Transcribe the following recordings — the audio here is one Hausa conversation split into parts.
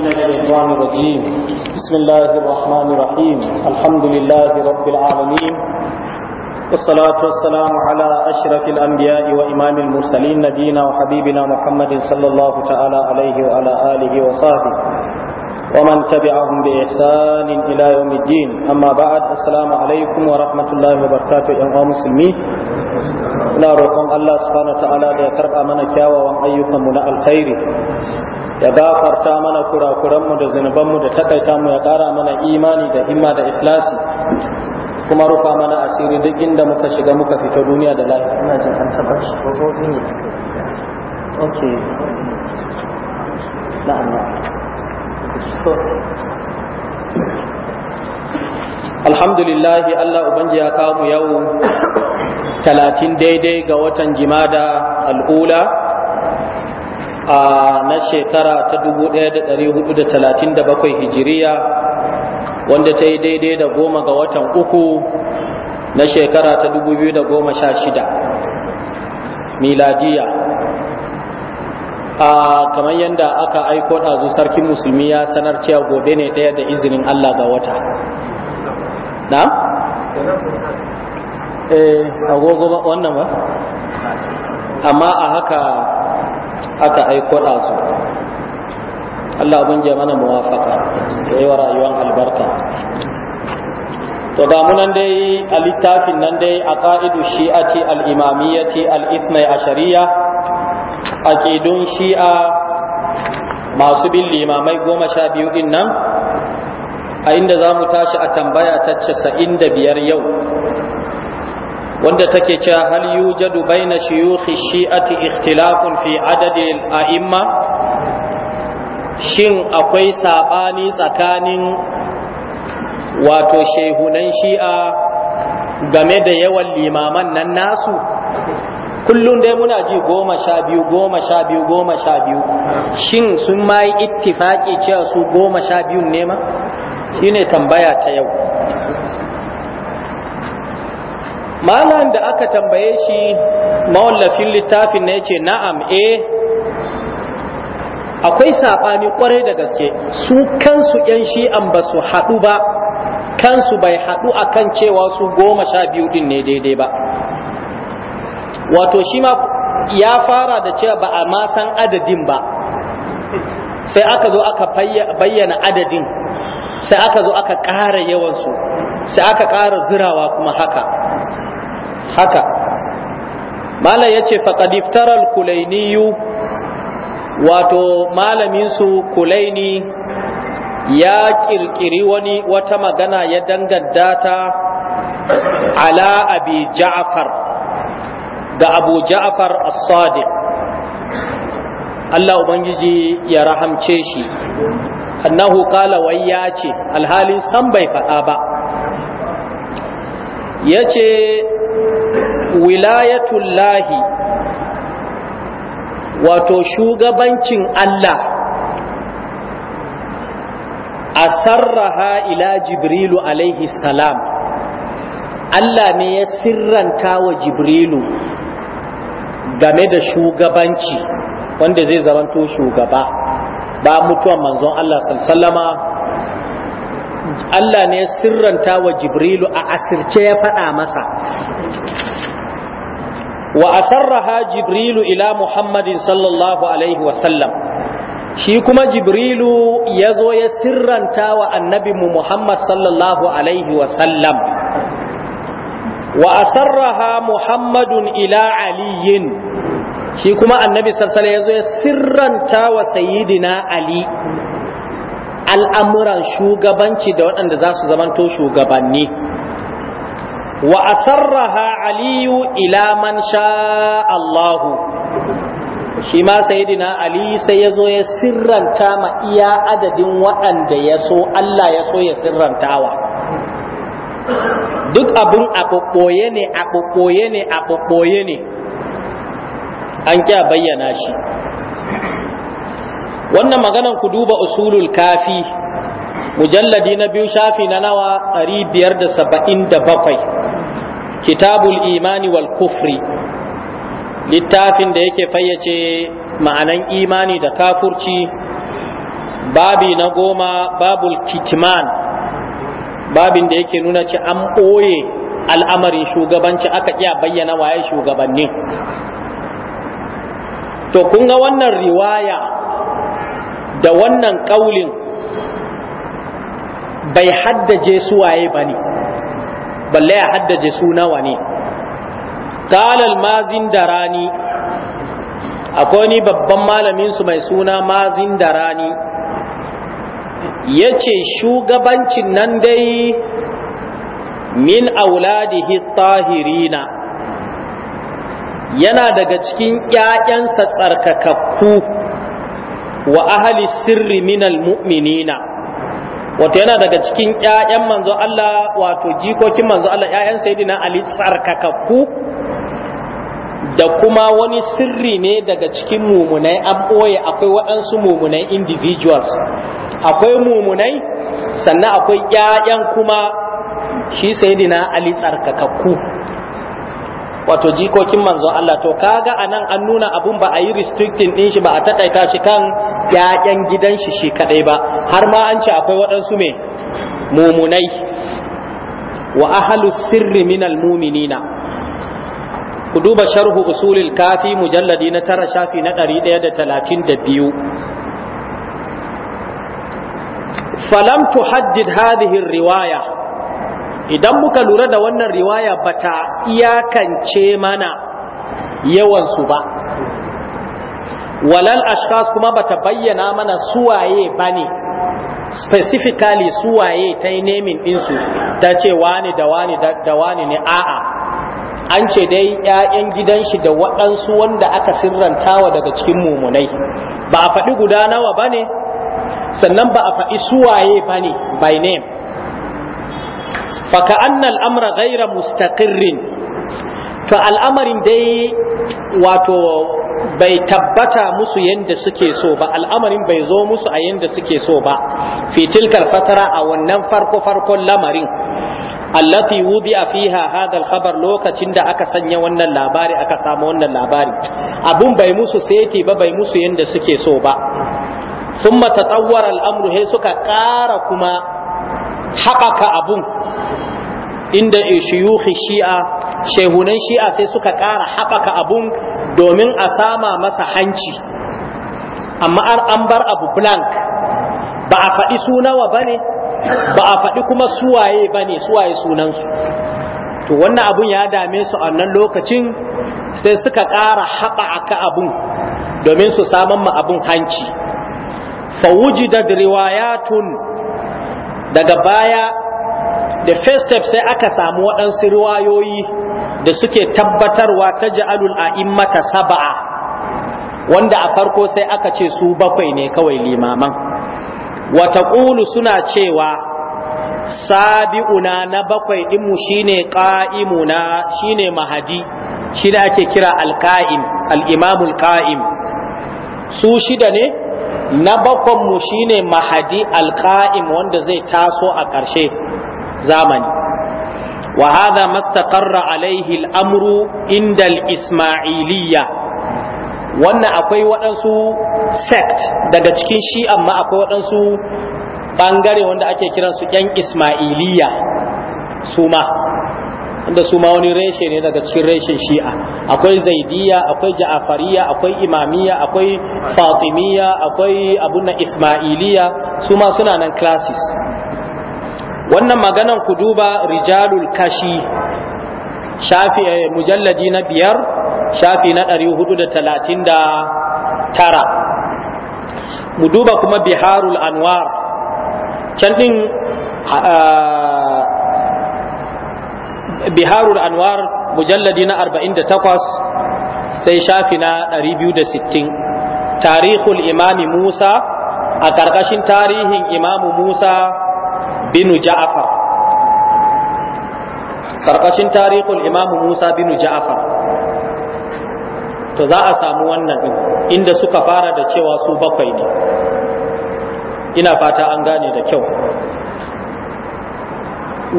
من الشيطان الرجيم بسم الله الرحمن الرحيم الحمد لله رب العالمين والصلاة والسلام على أشرف الأنبياء وإمام المرسلين نبينا وحبيبنا محمد صلى الله تعالى عليه وعلى آله وصحبه ومن تبعهم بإحسان إلى يوم الدين أما بعد السلام عليكم ورحمة الله وبركاته يا مسلمين لا رقم الله سبحانه وتعالى da أمانك يا mana kyawawan الخير ya gafarta mana kurakuranmu da zunubanmu da takaita mu ya ƙara mana imani da himma da ikhlasi kuma rufa mana asiri duk inda muka shiga muka fita duniya da lafiya ina jin an taba shi amma. na'am alhamdulillah Allah ubangi ya kawo mu yau talatin daidai ga watan jimada al'ula a na shekara ta 1437 hijiriya wanda ta yi daidai da goma ga watan uku na shekara ta 2016 miladiya a kamar yadda aka aiko ɗazu sarkin musulmi ya sanar cewa gobe ne ɗaya da izinin Allah ga wata na? eh agogo wannan ba amma a haka aka aiko ɗazu Allah abin mana muwafaka da yi wa rayuwar albarka to ga munan dai a littafin nan dai a ƙa'idu shi'ati al'imamiyyati al'ithmai a shari'a a ƙidun shi'a masu bin limamai goma sha biyu din nan a inda za mu tashi a tambaya ta casa'in da biyar yau wanda take cewa hal yujadu baina shuyukhi shi'ati ikhtilafun fi adadi al-a'imma shin akwai sabani tsakanin wato shehunan shi'a game da yawan limaman nan nasu kullum dai muna ji goma sha biyu goma sha biyu goma sha biyu shin sun ma yi ittifaki cewa su goma sha biyun ne ma shine tambaya ta yau malam da aka tambaye shi mawallafin littafin ne ce na'am eh akwai saɓani kwarai da gaske su kansu 'yan shi'an ba su haɗu ba kansu bai haɗu a kan cewa su goma sha biyu ɗin ne daidai ba wato shi ma ya fara da cewa ba a ma san adadin ba sai aka zo aka bayyana adadin sai aka zo aka ƙara yawansu sai aka ƙara zirawa kuma haka haka mala ya ce faƙadiftaral kulainiyu wato malaminsu kulaini ya ƙirƙiri wani wata magana ya danganta ta ala abi ja'afar da abu ja'afar as-sadiq Allah Ubangiji ya rahamce shi annahu kala wai ya ce alhalin san bai faɗa ba ya ce wilayatullahi wato shugabancin Allah a sarraha ila jibrilu alaihi salam Allah ne ya sirranta wa jibrilu game da shugabanci wanda zai zama zamanto shugaba ba mutuwan manzon Allah sallama Allah ne sirranta wa Jibrilu a asirce ya faɗa masa wa asarraha Jibrilu ila Muhammadin sallallahu alaihi wasallam shi kuma Jibrilu ya zo ya sirranta wa annabinmu Muhammad sallallahu alaihi wasallam wa asarraha Muhammadun ila aliyin shi kuma annabi sallallahu alaihi ya zo ya sirranta wa sayyidina Ali al'amuran shugabanci da waɗanda za su zamanto shugabanni wa asarraha aliyu ila man sha Allahu shi ma sayidina ali sai ya zo ya sirranta ma iya adadin waɗanda ya so Allah ya so ya sirrantawa duk abin aɓoɓɓoye ne aɓoɓɓoye ne aɓoɓɓoye ne an kya bayyana shi wannan maganan ku duba usulul kafi mujalladi na biyu shafi na nawa bakwai kitabul imani wal kufri littafin da yake fayyace ma'anan imani da kafurci babi na goma babul kitman babin da yake nuna ci an ɓoye al'amarin shugabanci aka iya bayyana waye shugabanni to kun ga wannan riwaya da wannan ƙaulin bai haddace waye ba ne balle ya haddaje su nawa ne talal mazin da rani akwai ni babban malaminsu mai suna mazin da rani ya ce shugabancin nan dai min auladihi tahirina yana daga cikin ‘ya'yansa tsarkakakku’ wa ahli sirri minal mu'minina wato yana daga cikin ƴaƴan manzo Allah wato jikokin manzo Allah ƴaƴan sayyidina Ali tsarkakakku da kuma wani sirri ne daga cikin mumunai an ɓoye akwai waɗansu mumunai individuals akwai mumunai sannan akwai ƴaƴan kuma shi sayyidina Ali tsarkakakku wato jikokin manzon Allah to kaga anan an nuna abun ba a yi restricting din shi ba a takaita shi kan ƴaƴan gidan shi shi kadai ba har ma an ce akwai waɗansu me mumunai wa ahlu sirri minal muminina ku duba sharhu usulil kafi mujalladi na tara shafi na ɗari ɗaya da talatin da biyu falam tuhaddid hadhihi riwaya idan muka lura da wannan riwaya bata iyakance mana yawansu ba walal ashkas kuma bata bayyana mana suwaye ba ne, specifically suwaye ta yi nemin ɗinsu ta ce wani da wani da wani ne a'a an ce dai 'ya'yan gidan shi da waɗansu wanda aka sirrantawa daga cikin mummunai. ba a faɗi guda nawa ba ne sannan ba a faɗi suwaye ba ne by name faka annal amra gaira mustaqirrin to al'amarin dai wato bai tabbata musu yadda suke so ba al'amarin bai zo musu a yadda suke so ba fitilkar fatara a wannan farko-farkon lamarin allafi, wubi, a fiha hadal khabar lokacin da aka sanya wannan labari aka samu wannan labari abun bai musu seti ba bai musu yadda suke so ba sun matatawar al'amru he suka ƙara kuma haɓaka abun inda shiyuhi shi'a shehunan shi'a sai suka ƙara haɓaka abun domin a sama masa hanci amma an bar abu blank ba a faɗi sunawa ba ne ba a faɗi kuma suwaye ba ne suwaye sunansu to wannan abun ya dame su a wannan lokacin sai suka ƙara haɓa aka abun domin su saman ma abun hanci Fa fawujidat riwayatun daga baya da first step sai aka samu waɗansu riwayoyi da suke tabbatarwa ta ja'alul a'immata saba'a wanda a farko sai aka ce su bakwai ne kawai limaman wata ƙulu suna cewa sabi'una na bakwai ɗinmu shine ƙa'imuna shine mahaji shi ake kira alƙa'im al'imamul ƙa'im su shida ne na bakwanmu shi ne mahadi alƙa'im wanda zai taso a ƙarshe zamani wa hada mastaƙarra alaihi al'amru inda al'ismailiyya wannan akwai waɗansu sect daga cikin shi amma akwai waɗansu ɓangare wanda ake kiransu ‘yan ismailiyya su ma da su ma wani reshe ne daga cikin reshen shi'a akwai zaidiya akwai ja'afariya akwai imamiya akwai fatimiya akwai abun na ismailiya su ma suna nan classes wannan maganan ku duba rijalul kashi shafi eh, mujalladi na biyar shafi na ɗari hudu da talatin da tara mu duba kuma biharul anwar can ɗin ah, biharul anwar mujalladi na 48 sai shafi na 260 tarihul imami musa a ƙarƙashin tarihin imamu musa binu ja'afar ƙarƙashin tarihul imamu musa binu ja'afar to za a samu wannan ɗin inda suka fara da cewa su bakwai ne ina fata an gane da kyau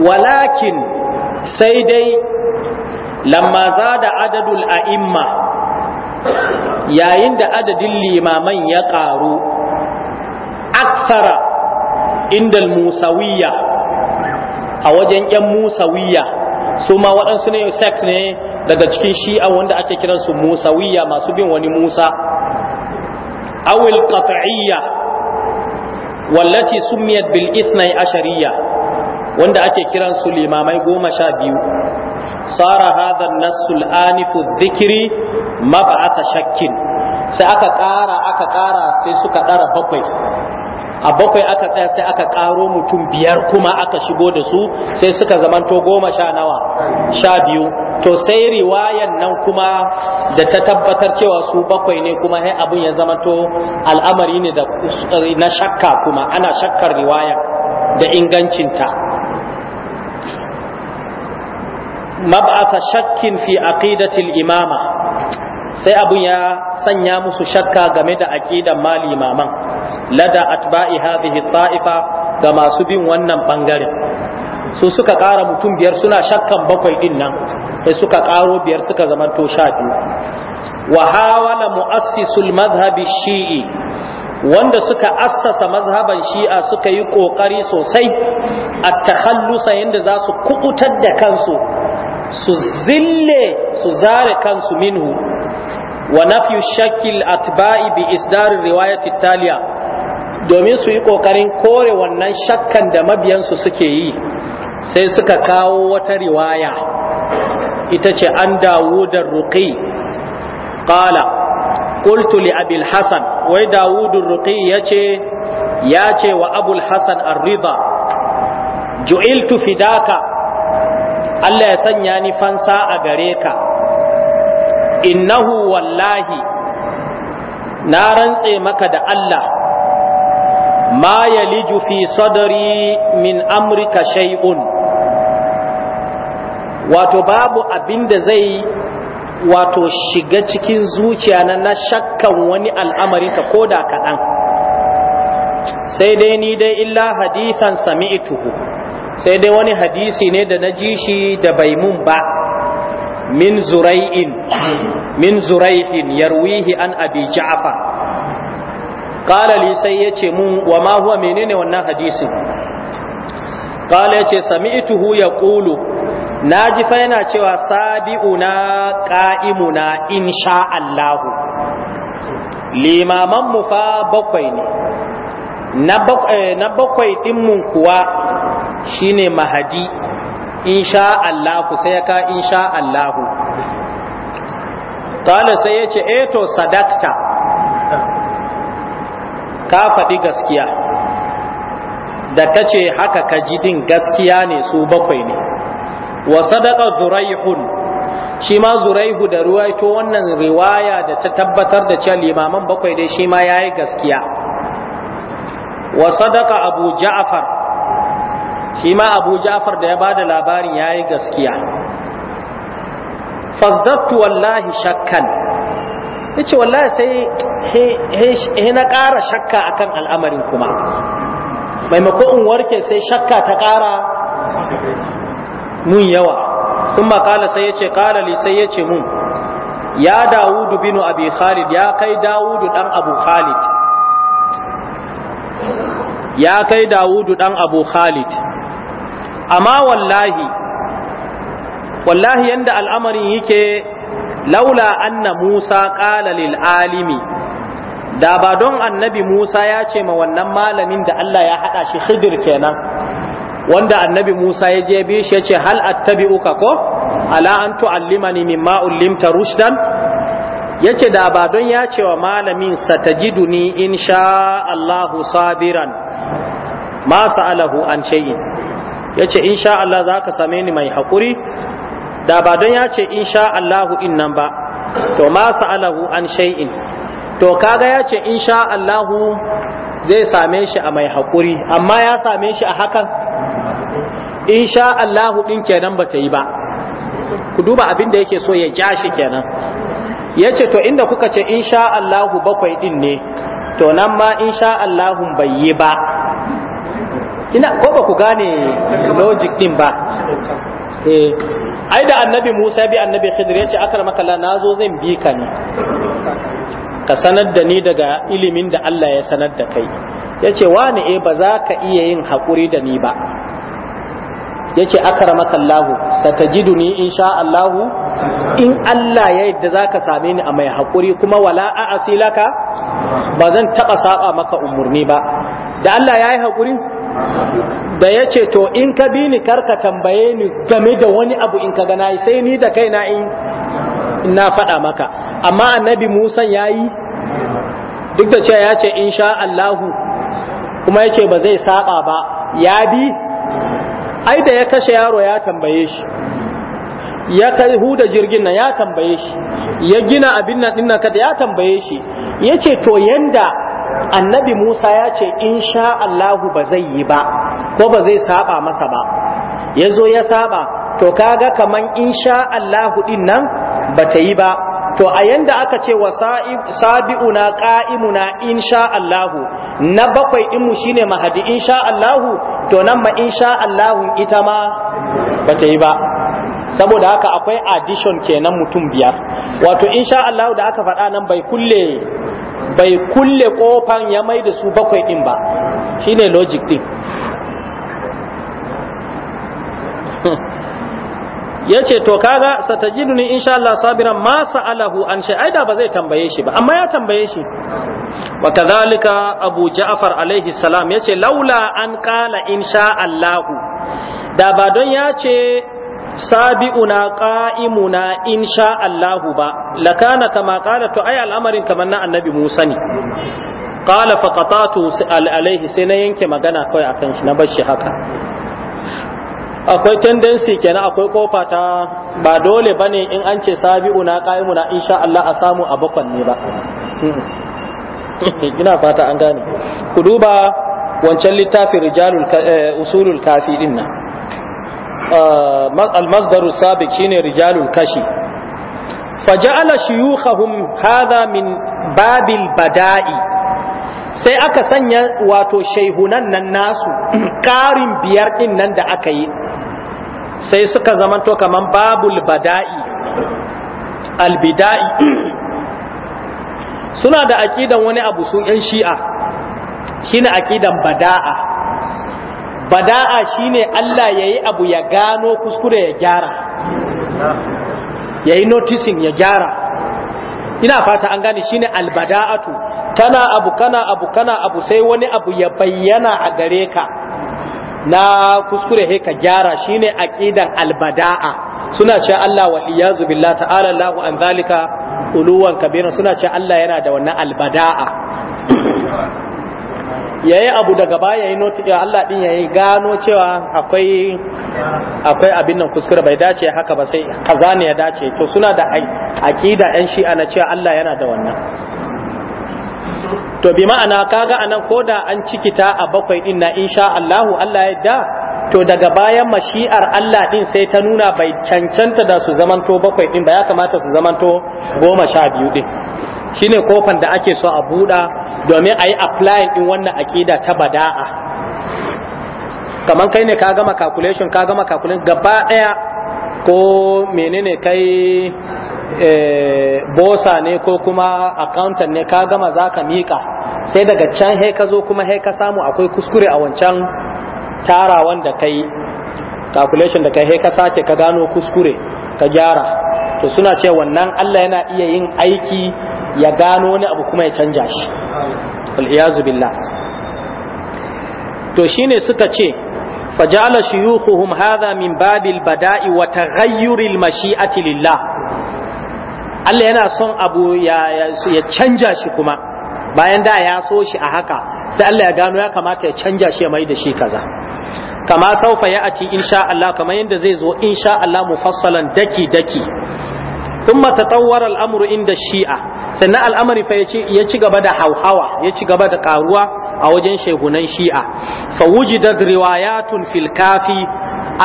walakin sai dai lamma zada da adadul a'imma yayin da adadin limaman ya ƙaru aksara indal musawiya a wajen 'yan musawiya su ma waɗansu ne sex ne daga cikin shi'a wanda ake kiransu musawiya masu bin wani musa awil qat'iyya wallati sumiyat bil ithnai ashariyya wanda ake kiran su limamai goma sha biyu sul'ani hadha nasul anifu dhikri mab'ata shakkin sai aka ƙara aka ƙara sai suka ɗara bakwai a bakwai aka tsaya sai aka ƙaro mutum biyar kuma aka shigo da su sai suka zamanto goma sha nawa sha biyu to sai riwayan nan kuma da ta tabbatar cewa su bakwai ne kuma sai abin ya zamanto al'amari ne na shakka kuma ana shakkar riwayan da ingancinta mab'asa shakkin fi aqidatil imama sai abun ya sanya musu shakka game da aqidan malimaman lada atba'i hadhihi ta'ifa ga masu bin wannan bangaren su suka ƙara mutum biyar suna shakkan bakwai ɗin nan sai suka ƙaro biyar suka zamanto sha biyu wa hawala mu'assisul mazhabi shi'i wanda suka assasa mazhaban shi'a suka yi ƙoƙari sosai a takhallusa yadda za su kuɓutar da kansu su zille su zare kansu minhu wa nafyu shakil atba'i bi isdar riwayati taliya domin su yi kokarin kore wannan shakkan da mabiyansu suke yi sai suka kawo wata riwaya ita ce an dawudar ruqi qala قلت لأبي الحسن وداود الرقي يتي ياتي وأبو الحسن الرضا جعلت فداك Allah ya sanya ni fansa a gare ka innahu wallahi na rantse maka da Allah ma yaliju fi sadari min amrika shay'un wato babu abin da zai wato shiga cikin zuciya na na shakkan wani al'amari ka koda kaɗan sai dai ni dai illa hadithan sami'tuhu sai dai wani hadisi ne da na ji shi da bai mun ba min zurai'in min zurai'in yarwihi an abi ja'far qala li sai yace mun wa ma huwa menene wannan hadisi? qala yace sami'tuhu yaqulu naji fa yana cewa sabiuna qa'imuna insha Allah limaman mu fa bakwai ne na eh, bakwai din mun kuwa shine mahadi insha Allah ku sai ka insha Allah kala sai ya ce eh to sadakta ka faɗi gaskiya da ka ce haka ka ji din gaskiya ne su bakwai ne wa sadaka zuraihun shi ma zuraihu da ruwaito wannan riwaya da ta tabbatar da cewa limaman bakwai dai shi ma ya yi gaskiya wa sadaka abu ja'afar shi ma abu ja'far da ya ba da labarin ya yi gaskiya fasdattu wallahi shakkan ya ce wallahi sai na ƙara shakka akan al'amarin kuma Maimako in warke sai shakka ta ƙara mun yawa kuma kala sai ya ce kala li sai ya ce mun ya dawudu binu abi khalid ya kai dawudu dan abu khalid ya kai dawudu dan abu khalid amma wallahi wallahi yanda al'amarin yake laula anna Musa qala lil alimi da ba don annabi Musa ya ce ma wannan malamin da Allah ya haɗa shi Khidir kenan wanda annabi Musa ya je bi shi ya ce hal attabi'uka ko ala an tu'allimani mimma ullimta rushdan yace da ba don ya ce wa malamin satajiduni insha Allahu sabiran ma sa'alahu an shay'in ya ce sha Allah za ka same ni mai haƙuri da ba don ya ce in sha Allahu in nan ba to ma sa'alahu an shay'in to kaga ya ce in sha Allahu zai same shi a mai haƙuri amma ya same shi a hakan In sha Allahu din kenan ba ta yi ba ku duba abin da yake so ya ja shi kenan ya ce to inda kuka ce in sha Allahu bakwai din ne to nan ma sha Allahun bai yi ba ina ko ba ku gane logic din ba eh ai da annabi Musa bi annabi Khidir ce akramaka la nazo zan bi ka ne ka sanar da ni daga ilimin da Allah ya sanar da kai yace wani eh ba za ka iya yin hakuri da ni ba yace akramaka Allah satajiduni insha Allah in Allah ya yadda za ka same ni a mai hakuri kuma wala a asilaka ba zan taba saba maka umurni ba da Allah ya yi hakuri da ya ce to in ka bi ni karka tambaye ni game da wani abu in ka gana sai ni da kaina in na faɗa maka amma annabi musan ya yi duk da cewa ya ce in sha Allahu kuma ya ce ba zai saba ba ya bi ai da ya kashe yaro ya tambaye shi ya kai huda jirgin nan ya tambaye shi ya gina abin nan ɗin kada ya tambaye shi ya ce to yanda annabi Musa ya ce in sha Allahu ba zai yi ba ko ba zai saba masa ba ya zo ya saba to kaga kaman in sha Allahu din nan ba ta yi ba to a yanda aka ce wa sabi'una na in sha Allahu na bakwai din mu shine mahadi in sha Allahu to nan ma in sha Allahu ita ma ba ta yi ba saboda haka akwai addition kenan mutum biyar wato in sha Allahu da aka faɗa nan bai kulle bai kulle kofan ya mai da su bakwai din ba shine logic din ya ce to kaga satajiduni insha Allah sabiran ma sa'alahu an shi aida ba zai tambaye shi ba amma ya tambaye shi wa kadhalika abu ja'far alaihi salam yace laula an qala insha Allah da ba don ya ce sabi'una qa'imuna in sha Allahu ba lakana kama qala to ay al'amarin kaman na annabi Musa ne qala fa qatatu Alayhi sai na yanke magana kawai akan shi na bashi haka akwai tendency kenan akwai kofa ta ba dole bane in an ce sabi'una qa'imuna in sha Allah a samu a bakwan ne ba hmm. ina fata an gane ku duba wancan littafin rijalul eh, usulul kafi din nan almasdaru sabiq shine Rijalun kashi faja'ala shuyukhahum hadha min babil bada'i sai aka sanya wato shaihunan nan nasu karin biyar din nan da aka yi sai suka zamanto kaman babul bada'i albida'i suna da aƙidan wani abu su yan shi'a shine aƙidan bada'a bada'a shine Allah yayi yi abu ya gano kuskure ya gyara yayi noticing ya gyara ina fata an gane shine albada'atu kana abu kana abu kana abu sai wani abu ya bayyana a gare ka na kuskure he ka gyara shine aqidan albada'a suna ce Allah wa iyazu billahi ta'ala Allahu an zalika uluwan kabira suna ce Allah yana da wannan albada'a yayi abu daga baya yayi noti Allah din yayi gano cewa akwai akwai abin nan kuskure bai dace haka ba sai kaza ne ya dace to suna da aqida ɗan shi'a na cewa Allah yana da wannan to bi ma'ana kaga anan koda an cikita a bakwai din na insha Allahu Allah ya da to daga bayan mashi'ar Allah din sai ta nuna bai cancanta da su zamanto bakwai din ba ya kamata su zamanto goma sha biyu din shine kofan da ake so a buɗa domin a yi applying ɗin wannan aƙida ta bada'a kamar kai ne ka gama calculation ka gama calculation gaba ɗaya ko menene kai eh, bosa ne ko kuma accountant ne ka gama za ka miƙa sai daga can he ka zo kuma he ka samu akwai kuskure a wancan tarawan da kai calculation da kai he ka sake ka gano kuskure ka gyara to suna ce wannan Allah yana iya yin aiki ya gano wani abu kuma ya canja shi al'iyazu billah to shine suka ce faja'ala shuyukhuhum hadha min babil bada'i wa taghayyuril mashi'ati lillah Allah yana son abu ya canja shi kuma bayan da ya so shi a haka sai Allah ya gano ya kamata ya canja shi ya mai da shi kaza kama saufa ya ati insha Allah kamar yadda zai zo insha Allah mufassalan daki daki ثم تطور الامر عند الشيعه سنه الامر فيجي يجي da hauhawa ya ci gaba da ƙaruwa a wajen shehunan shi'a fa wujidat riwayatun fil kafi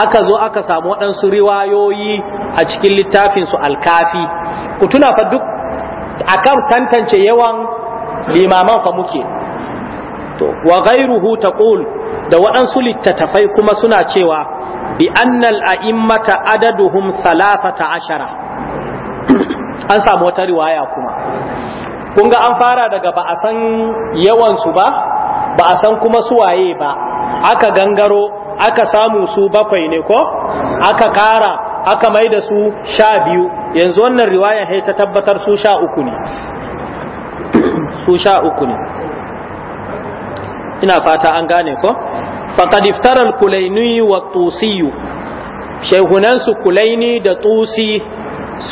aka zo aka samu waɗansu riwayoyi a cikin littafinsu alkafi ku tuna fa duk a kan tantance yawan limaman fa muke wa ghairuhu taqul da waɗansu littattafai kuma suna cewa bi annal a'immata salasa ta ashara an samu wata riwaya kuma kun ga an fara daga ba a san yawansu ba ba a san kuma suwaye ba aka gangaro aka samu su bakwai ne ko aka kara aka mai da su sha biyu yanzu wannan riwaya hai ta tabbatar su sha uku ne su sha uku ne ina fata an gane ko faqad iftara kulaini wa tusiyu shaykhunan kulaini da tusi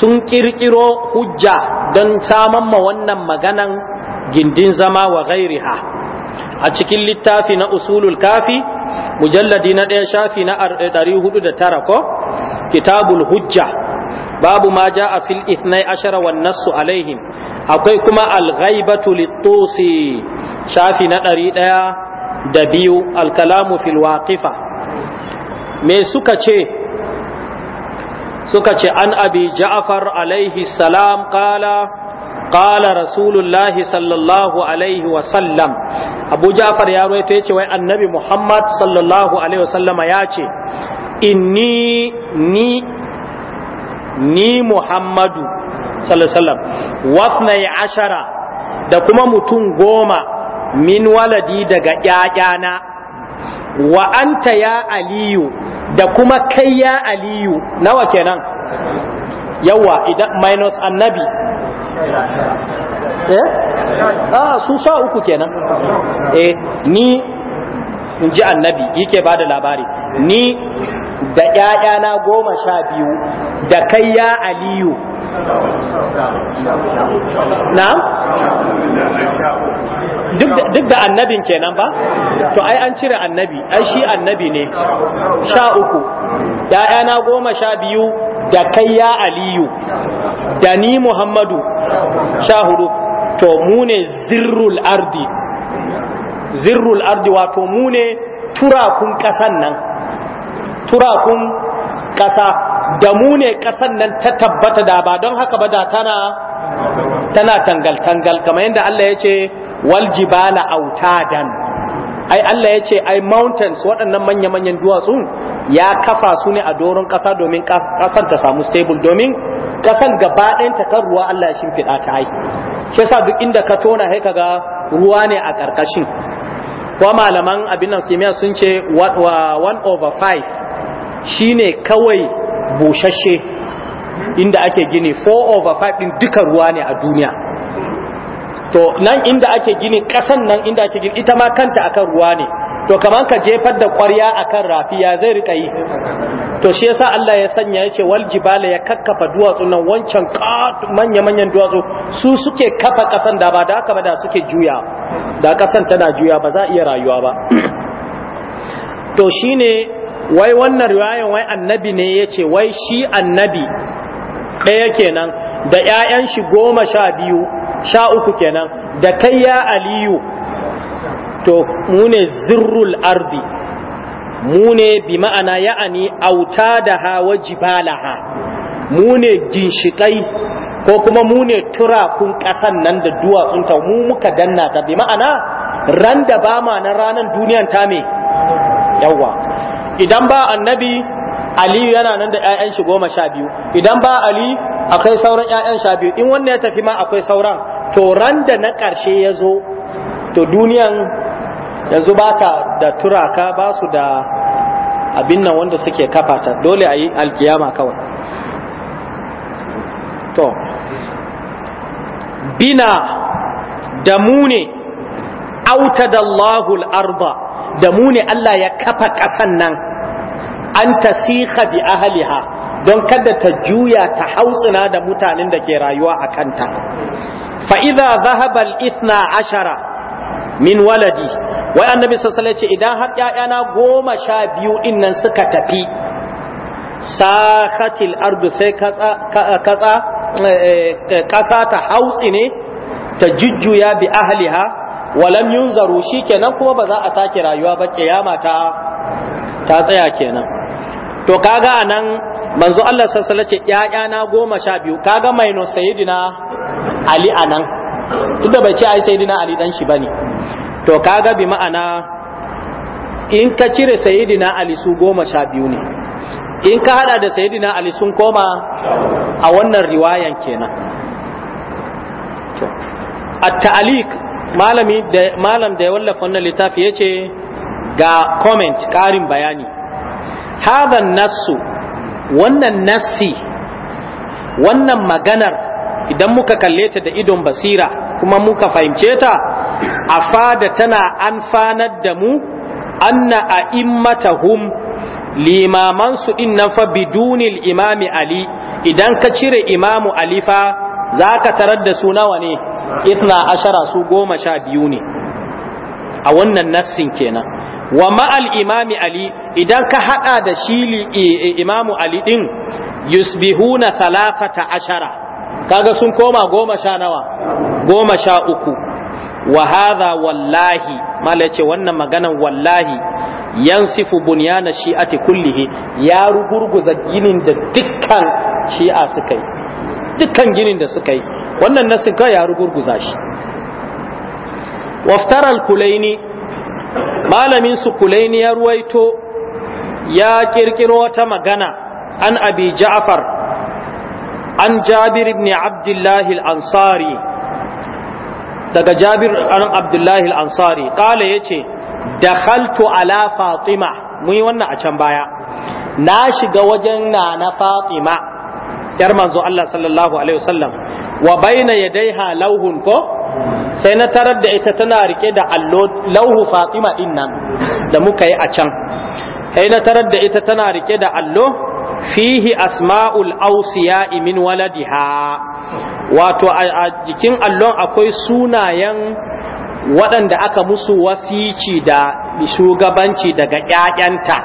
sun kirkiro hujja don saman ma wannan maganan gindin zama wa gairiha a cikin littafi na usulul kafi mujalladi na ɗaya shafi na eh, ɗari hudu da tara ko kitabul hujja babu ma ja a fil ithnai ashara wan nassu alaihim akwai kuma al-ghaibatu littusi shafi na ɗari ɗaya da biyu alkalamu fil waqifa me suka ce suka ce an abi ja'far alaihi salam kala rasulullahi sallallahu alaihi abu ja'far ya rawaito yace wai annabi muhammad sallallahu alaihi wa sallama yace inni ni ni muhammadu sallallahu alaihi wa ashara da kuma mutum goma min waladi daga ƴaƴana wa anta ya aliyu da kuma kai ya aliyu nawa kenan yawa idan minus annabi eh ah su sha uku kenan eh ni in ji annabi yake ba da labari ni da ƴaƴana goma sha biyu da kai ya aliyu na? duk da annabin kenan ba to ai an cire annabi ai shi annabi ne sha uku ‘ya'yana goma sha biyu da kai ya aliyu da ni muhammadu sha hudu to mu ne zirrul ardi zirrul ardi wato mu ne turakun ƙasan nan turakun ƙasa da mu ne ƙasan nan ta tabbata da ba don haka ba da tana tana tangal-tangal kamar yadda Allah ya ce wal jibala autadan ai Allah ya ce ai mountains waɗannan manya-manyan duwatsu ya kafa su ne a doron ƙasa domin ƙasar ta samu stable domin ƙasar gaba ɗayan ta kan ruwa Allah ya shimfiɗa ta ai shi yasa duk inda ka tona sai kaga ruwa ne a ƙarƙashin kuma malaman abin nan kimiyya sun ce wa 1 over 5 shine kawai bushashe inda ake gini 4 over 5 din duka ruwa ne a duniya to nan inda ake gini ƙasan nan inda ake gini ita ma kanta akan ruwa ne to kamar ka jefar da ƙwarya akan rafiya zai rika yi to shi yasa Allah ya sanya yace wal jibala ya kakkafa duwatsu nan wancan manya manyan duwatsu su suke kafa kasan da ba da haka ba da suke juya da ƙasan tana juya ba za iya rayuwa ba to shine wai wannan riwayan wai annabi ne yace wai shi annabi ɗaya kenan da ƴaƴan shi goma sha biyu sha uku kenan da kai ya aliyu to mu ne zirrul arzi, mu ne bi ma'ana ya'ani auta da hawa jibalaha mu ne ginshikai ko kuma mu ne turakun ƙasan nan da duwatsunta mu muka danna ta bi ma'ana ran da ba ma na ranar duniyan ta me yawa idan ba annabi aliyu yana nan da 'ya'yan shi goma sha biyu idan ba ali akwai sauran 'ya'yan sha biyu in wannan ya tafi ma akwai sauran to ran da na ƙarshe ya zo to duniyan yanzu ba ta da turaka ba su da abin nan wanda suke kafa ta dole a yi alkiyama kawai to bina da mu ne arba da mu ne Allah ya kafa ƙasan nan an tasiha bi ahaliha don kada ta juya ta hautsina da mutanen da ke rayuwa a kanta Fa'iza zahabal dhahaba ashara min waladi wai annabi sallallahu ce idan har ƴaƴana goma sha biyu din nan suka tafi sakatil ardu sai eh, eh, kasa ta hautsi ne ta jujjuya bi ahliha walam shi shikenan kuma ba za a sake rayuwa ba kiyama ta ta tsaya kenan to kaga anan manzo Allah sallallahu alaihi wasallam ce ƴaƴana goma sha biyu kaga maino sayyidina ali anan tunda bai ce ai sayyidina ali dan shi bane to kaga bi ma'ana in ka cire sayyidina ali su goma sha biyu ne in ka hada da sayyidina ali sun koma a wannan riwayan kenan at ta'liq malami da malam da ya wallafa wannan littafi yace ga comment karin bayani Hadan nassu wannan nassi wannan maganar idan muka kalle ta da idon basira kuma muka fahimce ta fada tana fanar da mu anna a'immatahum limaman su innan fa bidunil imami ali idan ka cire imamu ali fa ka tarar da su nawa ne Isna ashara su goma sha biyu ne a wannan nassin kenan wa ma'al imami ali idan ka hada da shi imamu ali din yusbihuna talafata ashara kaga sun koma goma sha nawa goma sha uku wa hadha wallahi mala yace wannan maganan wallahi yansifu bunyana shi'ati kullihi ya rugurguza ginin da dukkan shi'a suka yi dukkan ginin da suka yi wannan nasin kai ya rugurguza shi waftara al-kulaini malamin su kulaini ya ruwaito ya kirkiro wata magana an abi ja'far an jabir ibn abdullahi al-ansari daga jabir an abdullahi al-ansari kala yace dakhaltu ala fatima mun yi wannan a can baya na shiga wajen Nana fatima yar manzo Allah sallallahu alaihi wasallam wa baina yadaiha lauhun ko sai na tarar da ita tana rike da allo lauhu fatima din nan da muka yi a can sai na tarar da ita tana rike da allo fihi asma'ul ausiya min waladiha wato a jikin allon akwai sunayen waɗanda aka musu wasici da shugabanci daga ƴaƴanta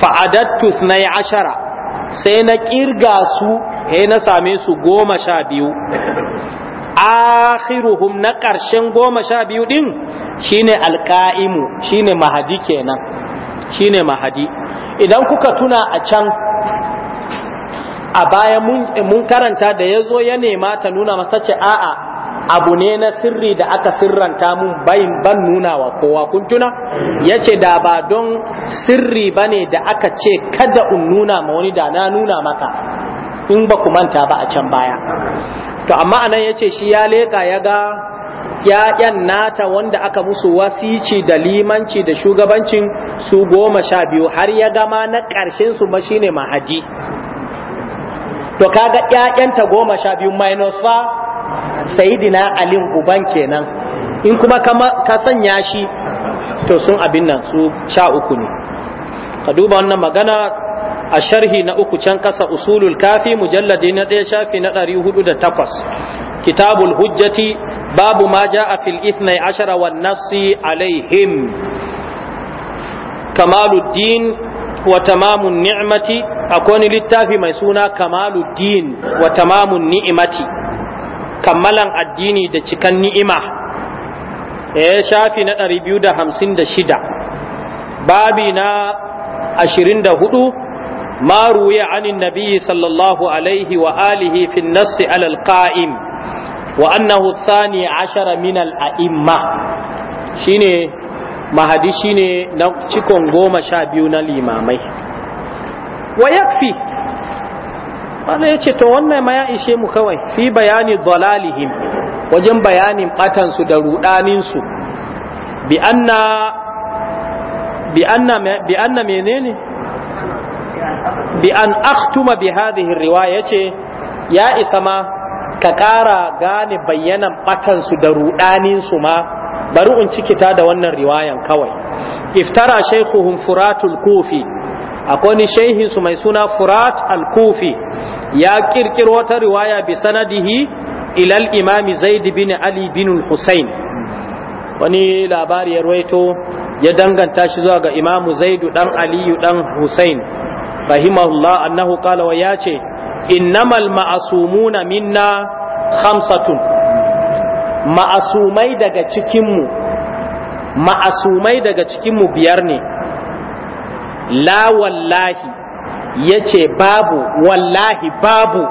fa'adattu na ashara sai na kirga su sai na same su goma sha biyu akhiruhum na ƙarshen goma sha biyu ɗin shine alƙa'imu shine mahadi kenan shine mahadi idan kuka tuna a can a baya mun karanta da ya zo ya nema ta nuna masa ce a'a abu ne na sirri da aka sirranta mun bayin ban nuna wa kowa kun tuna ya ce da ba don sirri ba ne da aka ce kada unnuna nuna ma wani da na nuna maka in ba ku manta ba a can baya to amma anan ya ce shi ya leka ya ga Ya'yan nata wanda aka musu wasici da limanci da shugabancin su goma sha biyu har ya gama na ƙarshen su ma shine mahaji to kaga ƴaƴanta goma sha biyu minus fa sayidina alin uban kenan in kuma ka sanya shi to sun abin nan su sha uku ne ka duba wannan magana a sharhi na uku can kasa usulul kafi mujalladi na ɗaya shafi na ɗari hudu da takwas kitabul hujjati babu ma a fil ithnai ashara wan nasi alaihim kamaluddin wa tamamun ni'mati akwai littafi mai suna kamaluddin wa tamamun ni'mati kammalan addini da cikan ni'ima eh shafi na 256 babi na hudu. ما روي عن النبي صلى الله عليه وآله في النص على القائم وأنه الثاني عشر من الأئمة شيني mahadi shine na cikon goma sha biyu na limamai wa yakfi wanda ya ce to wannan ma ya ishe mu kawai fi bayani dhalalihim wajen bayanin batansu da rudaninsu bi bi an akhtuma bi hadhihi riwaya yace ya isa ma ka ƙara gane bayyanan batan su da rudanin su ma bari in cikita da wannan riwayan kawai iftara shaykhuhum furatul kufi akwai ni shehin su mai suna furat al-kufi ya kirkiro wata riwaya bi sanadihi ilal imami zaid bin ali bin husayn wani labari ya ruwaito ya danganta shi zuwa ga imamu zaidu dan aliyu dan husayn rahimahullah annahu qala wa yace innamal ma'asumuna minna khamsatun ma'asumai daga mu ma'asumai daga cikinmu biyar ne la wallahi yace babu wallahi babu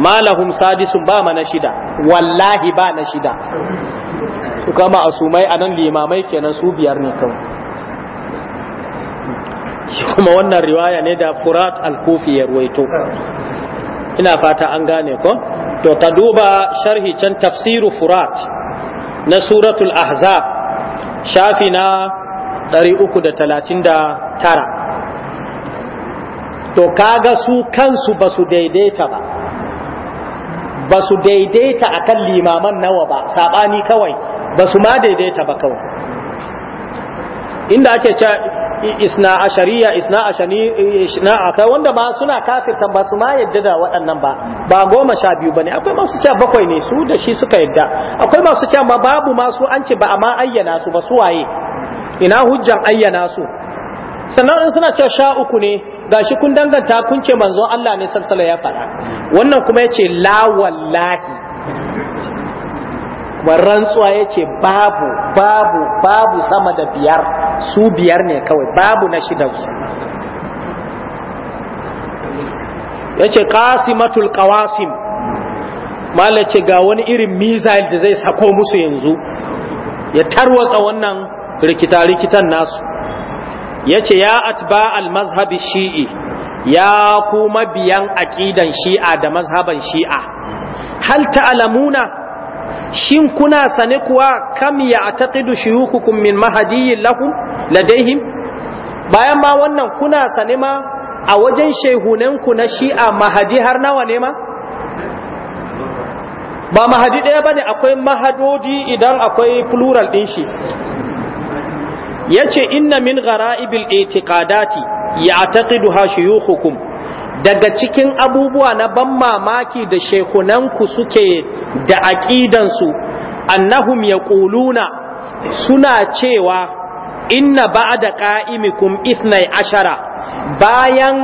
malahum sadisun ba mana shida wallahi ba na shida su kama asumai anan limamai kenan su biyar ne kawai shi kuma wannan riwaya ne da furat al-kufi ya ruwaito ina fata an gane ko to ta duba sharhi can tafsiru furat na suratul ahzab shafi na 339 to kaga su kansu basu su daidaita ba Basu su daidaita akan limaman nawa ba saɓani kawai ba su ma daidaita ba kawai inda ake cewa isna ashariya isna ashani isna akai wanda ba suna kafirta ba su ma yadda da waɗannan ba ba goma sha biyu bane akwai masu cewa bakwai ne su da shi suka yadda akwai masu cewa ma babu masu an ce ba amma ayyana su ba su waye ina hujjan ayyana su sannan in suna cewa sha uku ne gashi kun danganta kun ce manzo Allah ne salsala ya faɗa wannan kuma yace la wallahi kuma rantsuwa yace babu babu babu sama da biyar su biyar ne kawai babu na su ya ce ƙasimatul ƙawasim ce ga wani irin misail da zai sako musu yanzu ya tarwatsa wannan rikita-rikitan nasu ya ce ya atba al-mazhabi shi'i ya kuma biyan aƙidan shi'a da mazhaban shi'a hal alamuna. shin kuna sane kuwa kam ya ataqidu shuyukukum min mahadiyin lahum ladaihim bayan ma wannan kuna sane ma a wajen shehunanku na shi'a mahadi har nawa ne ma ba mahadi ɗaya ba ne akwai mahadoji idan akwai plural ɗin shi ya ce inna min gara'ibil itiqadati ya taƙidu ha shuyukukum daga cikin abubuwa na ban mamaki da shekunanku suke da aƙidansu annahum ya ƙuluna suna cewa inna ba da ƙa'imikum ithnai ashara bayan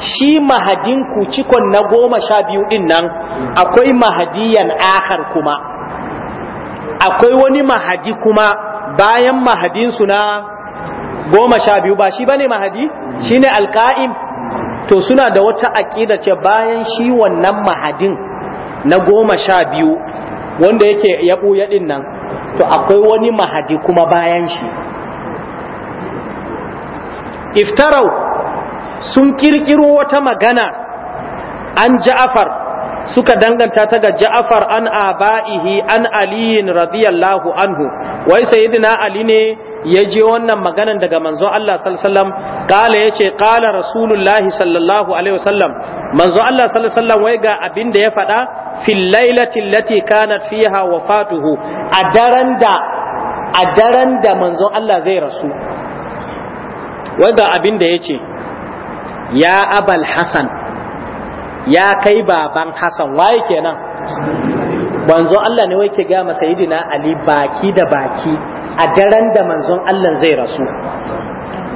shi mahadinku cikon na goma sha biyu ɗin nan akwai mahadiyan akhar kuma akwai wani mahadi kuma bayan mahadinsu na goma sha biyu ba shi ba ne mahadi shi ne alƙa'im? to suna da wata aƙida ce bayan shi wannan mahadin na goma sha biyu wanda yake ya ɓuya nan to akwai wani mahadi kuma bayan shi iftarau sun kirkiro wata magana an ja'afar suka danganta ta ga ja'afar an aba'ihi an aliyin radiyallahu anhu wai sayyidina ali ne ya je wannan maganan daga manzon Allah sallallahu alaihi wasallam kala yace kala rasulullahi sallallahu alaihi wasallam manzon Allah sallallahu alaihi wasallam wai ga abin da ya faɗa fil lailati allati kanat fiha wafatuhu a daren da a daren da manzon Allah zai rasu wai ga abin da yace ya abal hasan ya kai baban hasan waye kenan manzon Allah ne wai ke ga masa sayidina Ali baki da baki a daren da manzon Allah zai rasu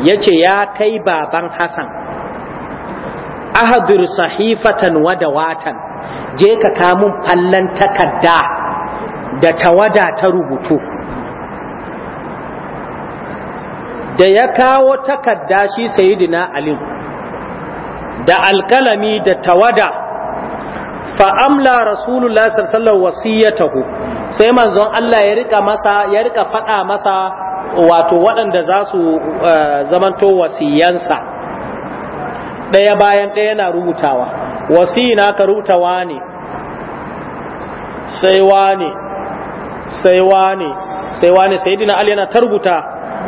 yace ya kai baban Hassan ahadir sahifatan wada watan je ka kamun fallan takarda da tawada ta rubutu da ya kawo takarda shi sayidina Ali da alkalami da tawada fa amla rasulullahi sallallahu alaihi wasiyatahu sai manzon Allah ya rika masa ya rika fada masa wato waɗanda za su eh, zamanto wasiyansa ɗaya bayan ɗaya na rubutawa wasina ka rubuta wane sai wane sai wane sai wane sayyidina Ali yana tarbuta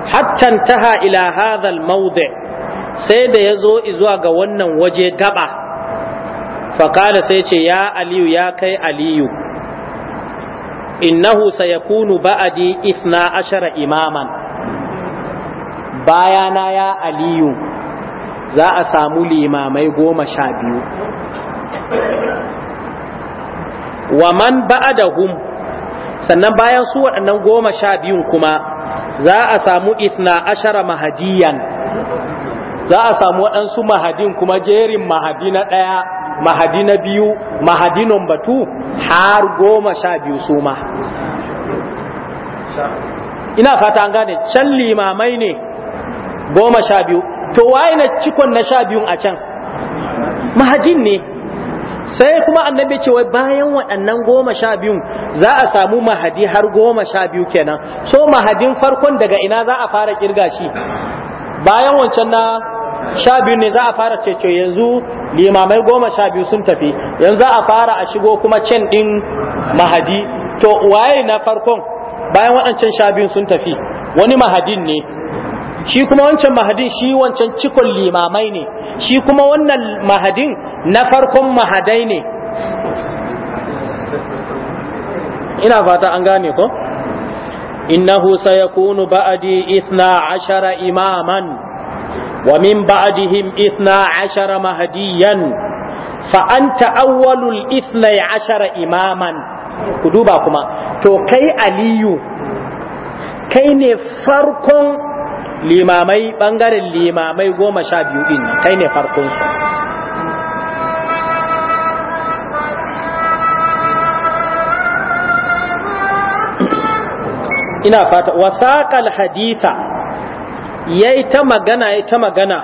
hattan taha ila hadhal mawdi sai da yazo zuwa ga wannan waje gaba faƙala sai ce ya aliyu ya kai aliyu innahu sayakunu ba'adi ifna ashara imaman bayana ya aliyu za a samu limamai goma sha biyu wa man ba'adahum sannan bayan su waɗannan goma sha biyun kuma za a samu ifna ashara mahadiyan za a samu waɗansu mahadin kuma jerin mahadi na ɗaya mahadi na biyu mahadi number two har goma sha biyu su ma ina fata an gane can limamai ne goma sha biyu to waye na cikon na sha biyun a can mahadin ne sai kuma annabi ce wai bayan waɗannan goma sha biyun za a samu mahadi har goma sha biyu kenan so mahadin farkon daga ina za a fara kirga shi bayan wancan na sha biyu ne za a fara ceto yanzu limamai goma sha biyu sun tafi yanzu za a fara a shigo kuma can din mahadi to waye na farkon bayan waɗancan sha biyun sun tafi wani mahadin ne shi kuma wancan mahadin shi wancan cikon limamai ne shi kuma wannan mahadin na farkon mahadai ne ina fata an gane ko innahu sayakunu ba'di 12 imaman ومن بعدهم إثنى عشر مهديا فأنت أول الإثنى عشر إماما كدوباكما تو كي أليو كي نفركم لإمامي بانغار الإمامي وما شابيو إن كي نفركم ina fata wasaƙal haditha ya ta magana ya ta magana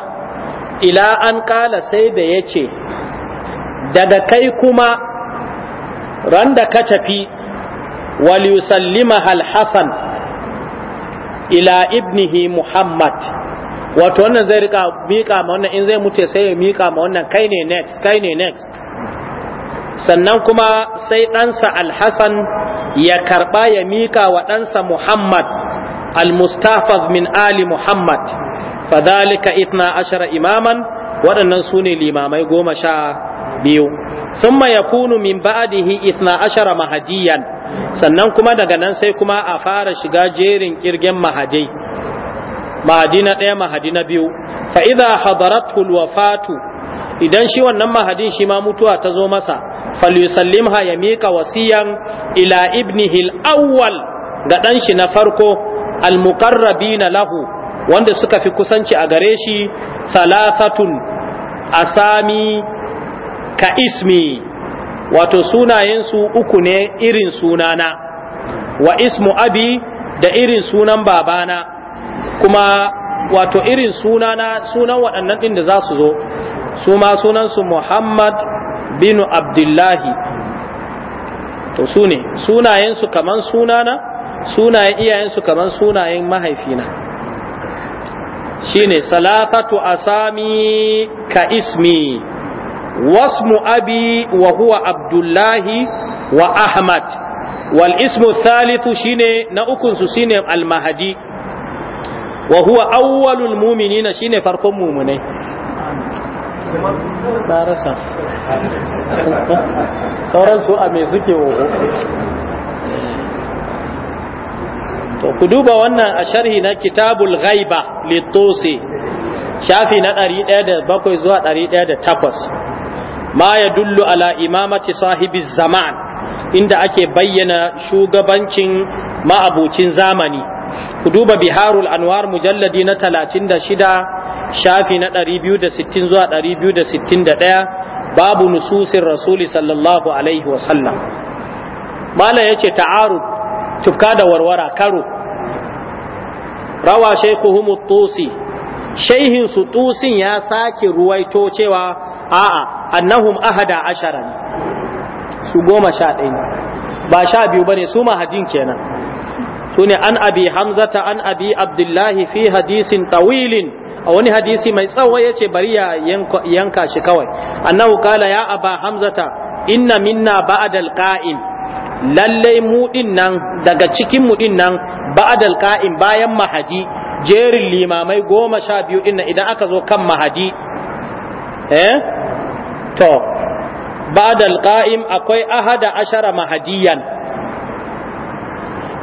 ila an kala sai da ya ce daga kai kuma ran da ka tafi al alhassan ila ibnihi muhammad wato wannan zai rika miƙa ma wannan in zai mutu sai ya miƙa ma wannan kai ne next kai ne next sannan kuma sai ɗansa alhassan ya karɓa ya miƙa wa ɗansa muhammad al-mustafaz min ali muhammad fadhalika itna ashara imaman waɗannan sune limamai goma sha biyu thumma yakunu min ba'dihi itna ashara sannan kuma daga nan sai kuma a fara shiga jerin kirgen mahadai mahadi na ɗaya mahadi na biyu fa idza hadaratul wafatu idan shi wannan mahadin shi ma mutuwa ta zo masa ha ya mika wasiyan ila ibnihi al-awwal ga dan shi na farko almuqarrabina lahu wanda suka fi kusanci a gare shi thalathatun asami ka ismi wato sunayensu uku ne irin sunana wa ismu abi da irin sunan babana kuma wato irin sunana sunan waɗannan ɗin da za su zo su ma sunansu muhammad bin abdullahi to su ne sunayensu kaman sunana sunayen iyayensu kamar sunayen mahaifina shine salafatu asami ka ismi wasmu abi wa huwa abdullahi wa ahmad wal ismu thalithu shine na ukunsu shine almahadi wa huwa awwalul mu'minina shine farkon mu'minai ta rasa sauran su a me suke woho to ku duba wannan a sharhi na kitabul ghaiba litusi shafi na 107 zuwa 108 ma ya dullu ala imamati sahibi zaman inda ake bayyana shugabancin ma'abucin zamani ku duba biharul anwar mujalladi na 36 shafi na 260 zuwa 261 babu nususin rasuli sallallahu alaihi wasallam mala yace ta'arud tufka da warwara karo rawa shaykhuhum tusi shaihin su tusin ya sake ruwaito cewa a'a annahum ahada ashara ne su goma sha ɗaya ne ba sha biyu bane su mahadin kenan su ne an abi hamzata an abi abdullahi fi hadisin tawilin a wani hadisi mai tsawo ya ce bari ya yanka shi kawai annahu kala ya aba hamzata inna minna ba'dal qa'im lallai mu din nan daga cikin mu din nan ba'dal qa'im bayan mahaji jerin limamai goma sha biyu din idan aka zo kan mahaji eh to ba'dal qa'im akwai ahada ashara mahajiyan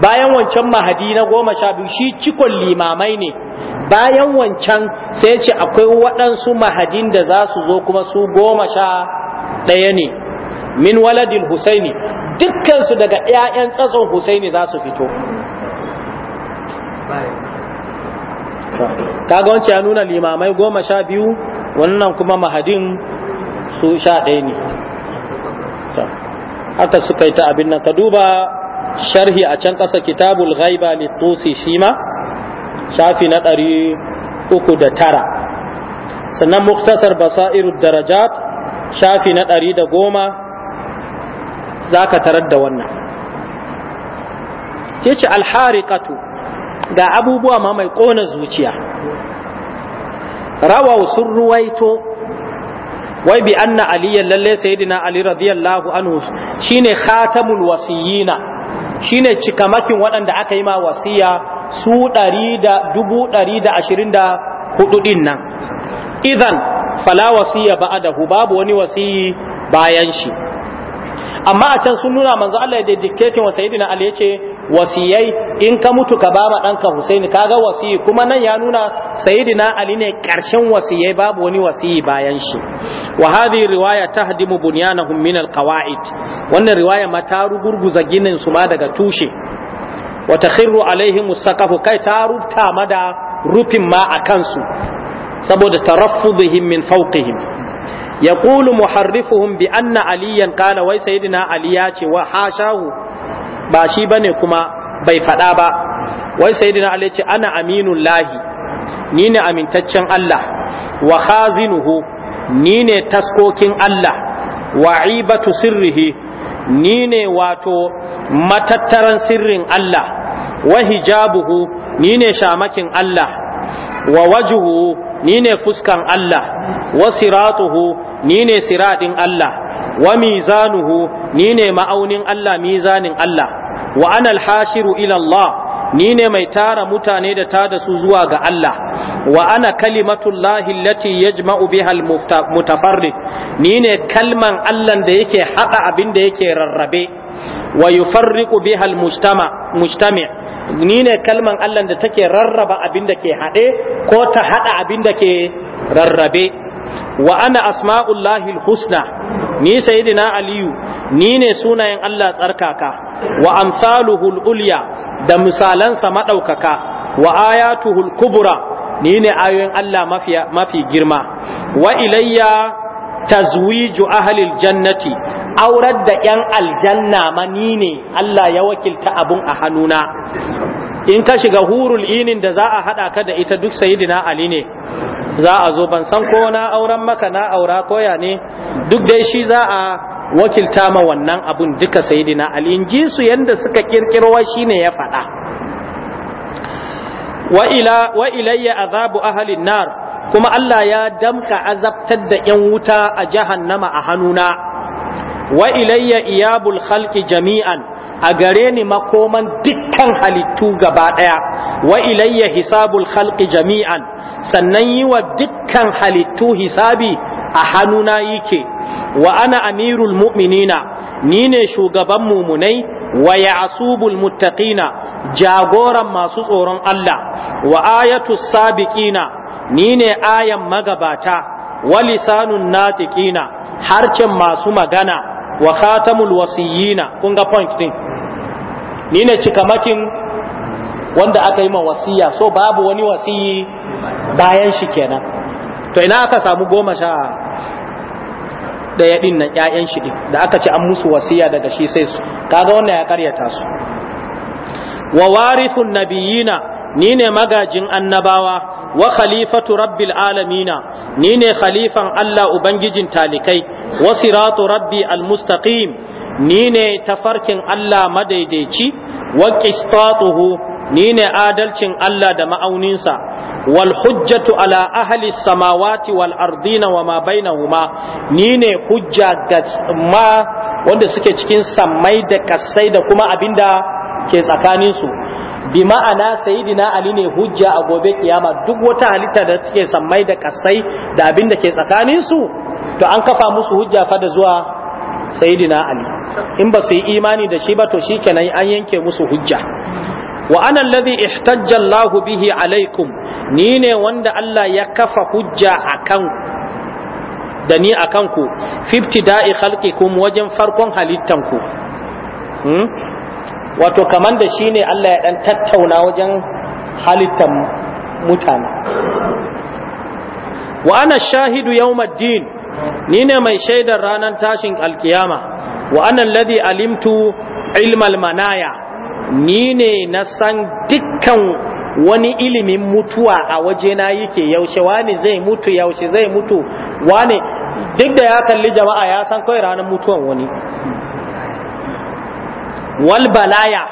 bayan wancan mahadi na goma sha biyu shi cikon limamai ne bayan wancan sai ce akwai waɗansu mahadin da za su zo kuma su goma sha ɗaya ne min waladil husaini dukkansu daga 'ya'yan tsatson husaini za su fito kaga wancan ya nuna limamai goma sha biyu wannan kuma mahadin su sha ɗaya ne haka suka yi ta abin nan ka duba sharhi a can ƙasa kitabul ghaiba littusi shi ma shafi na ɗari uku da tara sannan muktasar basairu darajat shafi na ɗari da goma za ka tarar da wannan ce ce kato ga abubuwa ma mai ƙona zuciya rawa sun ruwaito wai bi anna aliyan lalle sayyidina ali radiyallahu anhu shine khatamul wasiyina shine cikamakin waɗanda aka yi ma wasiya su ɗari da dubu ɗari da ashirin da hudu ɗin nan idan fala wasiya dahu babu wani wasiyi bayan shi amma a can sun nuna manzo Allah da dictating wa sayyidina Ali yace wasiyai in ka mutu ka ba ma danka Husaini kaga wasiyi kuma nan ya nuna sayyidina Ali ne karshen wasiyai babu wani wasiyi bayan shi wa hadhihi riwaya tahdimu bunyanahum min alqawaid wannan riwaya ma ta rugurguza ginin su ma daga tushe wa takhirru alaihim saqafu kai ta rubta mada rufin ma a kansu saboda taraffudihim min fawqihim yaqulu muharrifuhum bi anna aliyan kala wai sayyidina ali ya ce wa hashahu ba shi bane kuma bai fada ba wai sayyidina ali ce ana aminul lahi ni ne amintaccen Allah wa khazinuhu ni ne taskokin Allah wa ibatu sirrihi ni ne wato matattaran sirrin Allah wa hijabuhu ni ne shamakin Allah wa wajuhu ni ne fuskan Allah wa siratuhu ni ne siradin Allah wa mizanuhu ni ne ma'aunin Allah mizanin Allah wa hashiru alhashiru ila Allah ni ne mai tara mutane da da su zuwa ga Allah wa ana kalimatullahi allati yajma'u biha almutafarrid ni ne kalman Allah da yake hada abin da yake rarrabe wa yufarriqu biha almujtama mujtami' ni ne kalman Allah da take rarraba abin da ke haɗe ko ta haɗa abin da ke rarrabe wa ana asma'ullahi husna ni sayyidina aliyu ni ne sunayen Allah tsarkaka wa amsaluhul hul'ulya da misalansa madaukaka wa ayatuhul kubra ni ne ayoyin Allah mafi mafi girma wa ilayya tazwiju ahlil jannati aurar da yan aljanna ma ni ne Allah ya wakilta abun a hannuna in ka shiga hurul inin da za a haɗa ka da ita duk sayidina ali ne za a zo ban san ko na auren maka na aura koya ne duk dai shi za a wakilta ma wannan abun duka sayidina ali in ji su yanda suka kirkiro shi ne ya faɗa wa ila wa ilayya azabu ahli nar kuma Allah ya damka azabtar da yan wuta a jahannama a hannuna wa ilayya iyabul khalqi jami'an a gare ni makoman duk kan halittu gaba ɗaya wa ilayya hisabul khalqi jami'an sannan yi wa dukkan halittu hisabi a hannuna yake wa ana amirul mu'minina ni ne shugaban mumunai wa ya'subul muttaqina jagoran masu tsoron Allah wa ayatu sabiqina ni ne ayan magabata wa lisanun natiqina harcen masu magana wa khatamul wasiyina kun ga point din ni ne cikamakin wanda aka yi ma wasiya so babu wani wasiyi bayan shi kenan to ina aka samu goma sha ɗaya ɗin nan ƴaƴan shi ɗin da aka ci an musu wasiya daga shi sai su kaga wannan ya karyata su wa warithun nabiyina ni ne magajin annabawa wa khalifatu rabbil alamina ni ne khalifan Allah ubangijin talikai wa siratu rabbi al al-mustaqim ni ne tafarkin Allah madaidaici wa qistatuhu ni ne adalcin Allah da ma'auninsa wal hujjatu ala ahli samawati wal ardina wa ma bainahuma ni ne hujja ga ma wanda suke cikin sammai da kasai da kuma abinda ke tsakaninsu bi ma'ana sayidina ali ne hujja a gobe kiyama duk wata halitta da suke sammai da kasai da abinda ke tsakanin su to an kafa musu hujja fa da zuwa Sayidina ali in ba su yi imani da shi ba to kenan an yanke musu hujja wa ana alladhi ihtajja Allah bihi alaikum ni ne wanda Allah ya kafa hujja kan, da ni akan ku fibtida'i khalqikum wajen farkon halittanku? ku hmm? wato kaman da shine Allah ya dan tattauna wajen halittan mutane wa ana shahidu yawmaddin ni ne mai shaidar ranar tashin alkiyama wa annan ladi alimtu ilmal manaya ni ne na san dukkan wani ilimin mutuwa a waje na yake yaushe wani zai mutu yaushe zai mutu wani duk da ya kalli jama'a ya san kawai ranar mutuwan wani wal balaya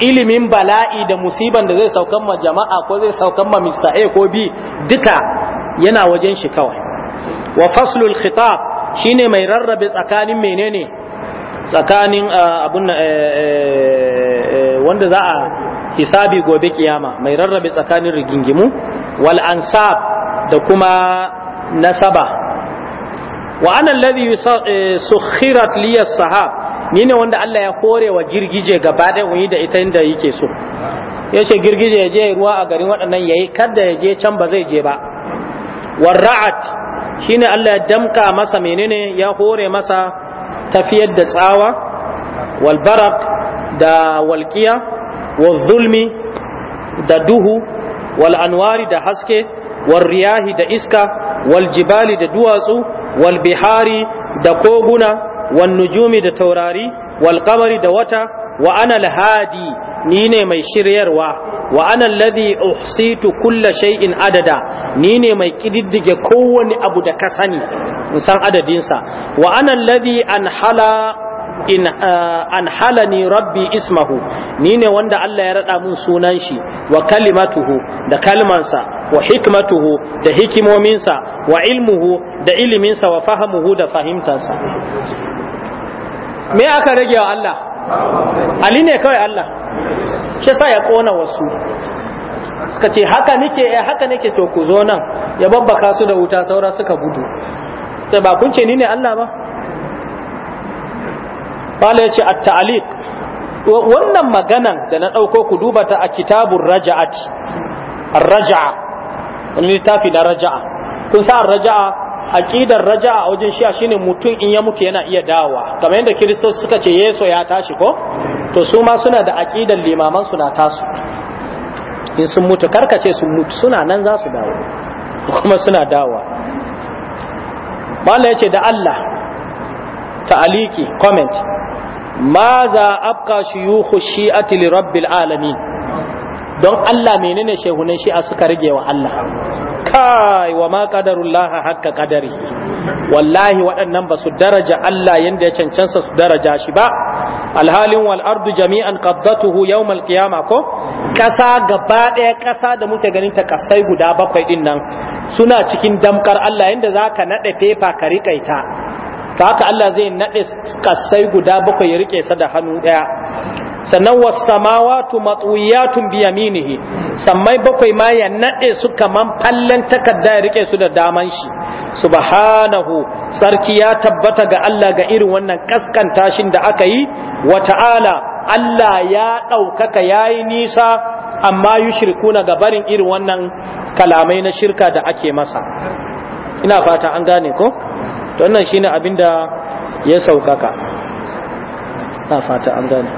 ilimin bala'i da musiban da zai saukan ma jama'a ko zai saukan ma Mr. A ko B duka yana wajen shi kawai wa faslul khitab shine mai rarrabe tsakanin menene tsakanin ah, abun eh, eh, eh, wanda za a hisabi gobe kiyama mai rarrabe tsakanin rigingimu wal ansab da kuma nasaba wa ana alladhi sukhirat li sahab ni ne wanda Allah ya kore wa girgije gaba da wani da ita inda yake so yace girgije ya je ruwa a garin waɗannan yayi kada ya je can ba zai je ba warra'at shine Allah ya damka masa menene ya hore masa tafiyar da tsawa walbarak da walqiya wal zulmi da duhu wal anwari da haske wal riyahi da iska wal jibali da duwatsu wal bihari da koguna wal nujumi da taurari wal qamari da wata wa ana ni ne mai shiryarwa wa ana alladhi uhsitu kulla shay'in adada ni ne mai kididdige kowane abu da ka sani in san adadin sa wa anhala in uh, anhalani rabbi ismahu ni ne wanda Allah ya rada mun sunan shi wa kalimatuhu da kalmansa wa hikmatuhu da hikimominsa wa ilmuhu da iliminsa wa fahamuhu da fahimtarsa me aka rage wa Allah ali ne kawai Allah shi sa ya kona wasu suka ce haka nake eh haka nake to ku zo nan ya babbaka su da wuta saura suka gudu sai ba kun ce ni ne Allah ba Bala ya ce at-ta'liq wannan maganan da na ɗauko ku duba ta a kitabun raja'at ar-raja'a wani littafi na raja'a kun sa raja'a aqidar raja'a a wajen shi'a shine mutum in ya mutu yana iya dawowa kamar yadda kiristoci suka ce yeso ya tashi ko to su ma suna da aqidar limaman suna tasu in sun mutu karkace sun mutu suna nan za su dawo kuma suna dawowa mallan yace da Allah ta'aliki comment maza abqa shuyukh shi'ati li rabbil alamin don Allah menene shehunan shi'a suka rige wa Allah kai wa ma qadarullaha haka qadari wallahi waɗannan ba su daraja Allah yanda ya cancansa su daraja shi ba alhalin wal'adu jami'an qaddatuhu yawm al ko Ƙasa gaba ɗaya ƙasa da muke ganin ta ƙasai guda bakwai ɗinnan nan suna cikin damkar Allah yanda ka naɗa fefa ka rikaita ta haka Allah zai naɗe ƙasai guda bakwai ya riƙe sa da hannu ɗaya sannan wasamawatu matsuyatun biyaminihi sammai bakwai ma ya naɗe su kaman fallen takarda ya rike su da daman shi subhanahu sarki ya tabbata ga Allah ga irin wannan kaskanta shin da aka yi wa ta'ala Allah ya ɗaukaka yayi nisa amma yushrikuna ga barin irin wannan kalamai na shirka da ake masa ina fata an gane ko to wannan shine abinda ya saukaka na fata an gane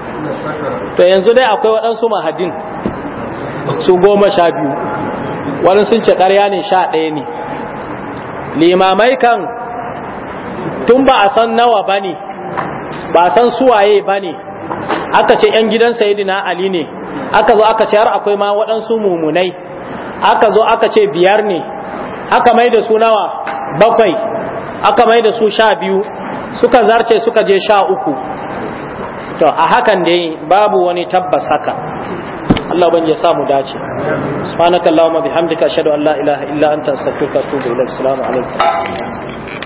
to yanzu dai akwai waɗansu mahadin su goma sha biyu wani sun ce ƙarya ne sha ɗaya ne limamai kan tun ba a san nawa ba ne ba san suwaye ba ne aka ce 'yan gidan sayidina ali ne aka zo aka ce har akwai ma waɗansu mummunai. aka zo aka ce biyar ne aka mai da su nawa bakwai aka mai da su sha biyu suka zarce suka je sha uku to a hakan dai babu wani tabbas haka Allah ban ya samu dace subhanakallahumma bihamdika ashhadu an la ilaha illa anta astaghfiruka wa atubu ilaik assalamu alaikum